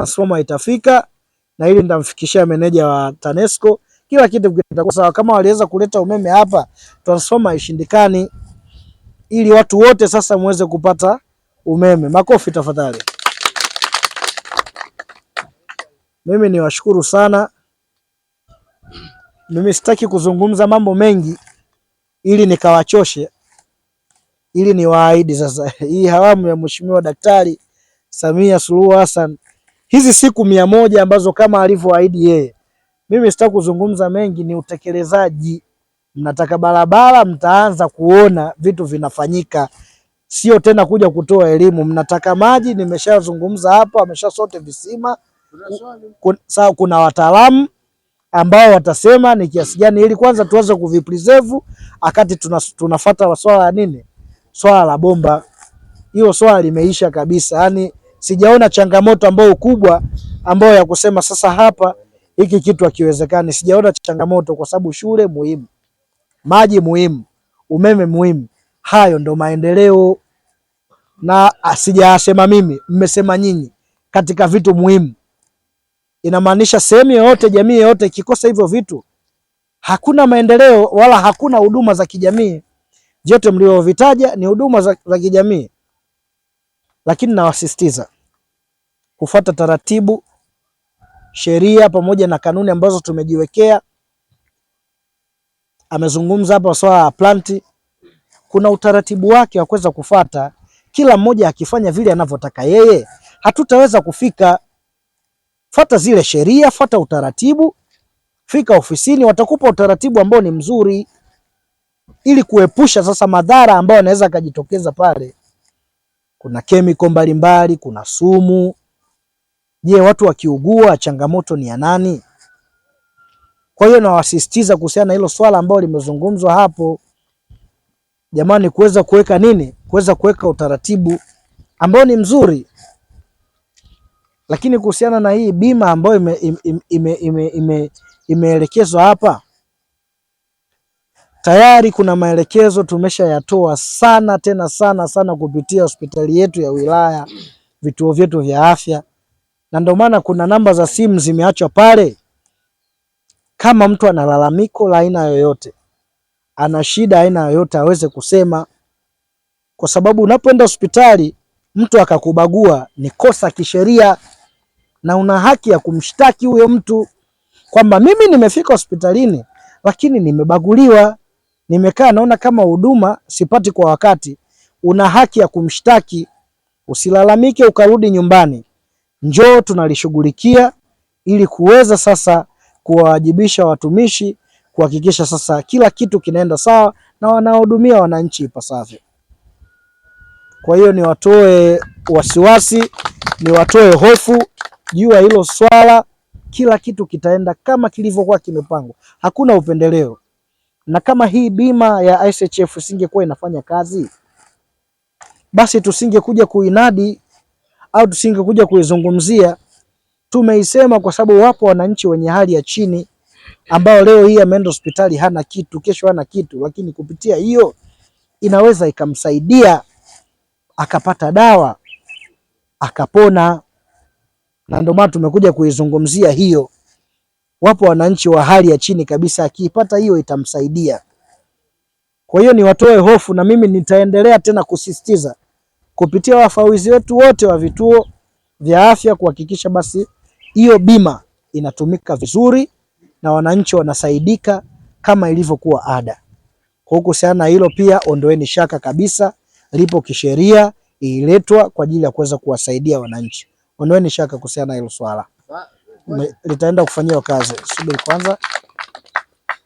transformer itafika na ili nitamfikishia meneja wa TANESCO, kila kitu kitakuwa sawa. Kama waliweza kuleta umeme hapa, transformer ishindikani, ili watu wote sasa muweze kupata umeme. Makofi tafadhali. Mimi niwashukuru sana. Mimi sitaki kuzungumza mambo mengi ili nikawachoshe, ili niwaahidi sasa hii awamu ya Mheshimiwa Daktari Samia Suluhu Hassan hizi siku mia moja ambazo kama alivyoahidi yeye, mimi sitaki kuzungumza mengi, ni utekelezaji. Mnataka barabara, mtaanza kuona vitu vinafanyika, sio tena kuja kutoa elimu. Mnataka maji, nimeshazungumza amesha sote visima. Sawa, kuna wataalamu ambao watasema ni kiasi gani, ili kwanza tuanze kuvipreserve, akati tunafata swala ya nini, swala la bomba. Hiyo swala limeisha kabisa, yani sijaona changamoto ambayo kubwa ambayo ya kusema sasa hapa hiki kitu hakiwezekani. Sijaona changamoto kwa sababu shule muhimu, maji muhimu, umeme muhimu. Hayo ndo maendeleo, na sijasema mimi, mmesema nyinyi katika vitu muhimu. Inamaanisha sehemu yoyote, jamii yoyote ikikosa hivyo vitu, hakuna maendeleo wala hakuna huduma za kijamii. Vyote mlivyovitaja ni huduma za, za kijamii lakini nawasisitiza kufuata taratibu, sheria pamoja na kanuni ambazo tumejiwekea. Amezungumza hapa swala la planti, kuna utaratibu wake wa kuweza kufata. Kila mmoja akifanya vile anavyotaka yeye, hatutaweza kufika. Fata zile sheria, fata utaratibu, fika ofisini, watakupa utaratibu ambao ni mzuri, ili kuepusha sasa madhara ambayo anaweza akajitokeza pale kuna kemiko mbalimbali, kuna sumu. Je, watu wakiugua changamoto ni ya nani? Kwa hiyo nawasisitiza kuhusiana na hilo swala ambalo limezungumzwa hapo, jamani, kuweza kuweka nini, kuweza kuweka utaratibu ambao ni mzuri, lakini kuhusiana na hii bima ambayo imeelekezwa ime, ime, ime, ime hapa Tayari kuna maelekezo tumeshayatoa sana tena sana sana kupitia hospitali yetu ya wilaya, vituo vyetu vya afya, na ndio maana kuna namba za simu zimeachwa pale. Kama mtu ana lalamiko la aina yoyote, ana shida aina yoyote, aweze kusema, kwa sababu unapoenda hospitali mtu akakubagua ni kosa kisheria, na una haki ya kumshtaki huyo mtu kwamba mimi nimefika hospitalini lakini nimebaguliwa nimekaa naona kama huduma sipati kwa wakati, una haki ya kumshtaki. Usilalamike ukarudi nyumbani, njoo tunalishughulikia ili kuweza sasa kuwawajibisha watumishi kuhakikisha sasa kila kitu kinaenda sawa na wanahudumia wananchi ipasavyo. Kwa hiyo niwatoe wasiwasi, niwatoe hofu juu ya hilo swala. Kila kitu kitaenda kama kilivyokuwa kimepangwa, hakuna upendeleo na kama hii bima ya SHF isingekuwa inafanya kazi, basi tusingekuja kuinadi au tusingekuja kuizungumzia. Tumeisema kwa sababu wapo wananchi wenye hali ya chini ambao leo hii ameenda hospitali hana kitu, kesho hana kitu, lakini kupitia hiyo inaweza ikamsaidia akapata dawa akapona, na ndio maana tumekuja kuizungumzia hiyo wapo wananchi wa hali ya chini kabisa, akiipata hiyo itamsaidia. Kwa hiyo niwatoe hofu, na mimi nitaendelea tena kusisitiza kupitia wafawizi wetu wote wa vituo vya afya kuhakikisha basi hiyo bima inatumika vizuri na wananchi wanasaidika kama ilivyokuwa ada. Kwa kuhusiana na hilo pia, ondoeni shaka kabisa, lipo kisheria, ililetwa kwa ajili ya kuweza kuwasaidia wananchi. Ondoeni shaka kuhusiana na hilo swala litaenda kufanyiwa kazi. Subiri kwanza.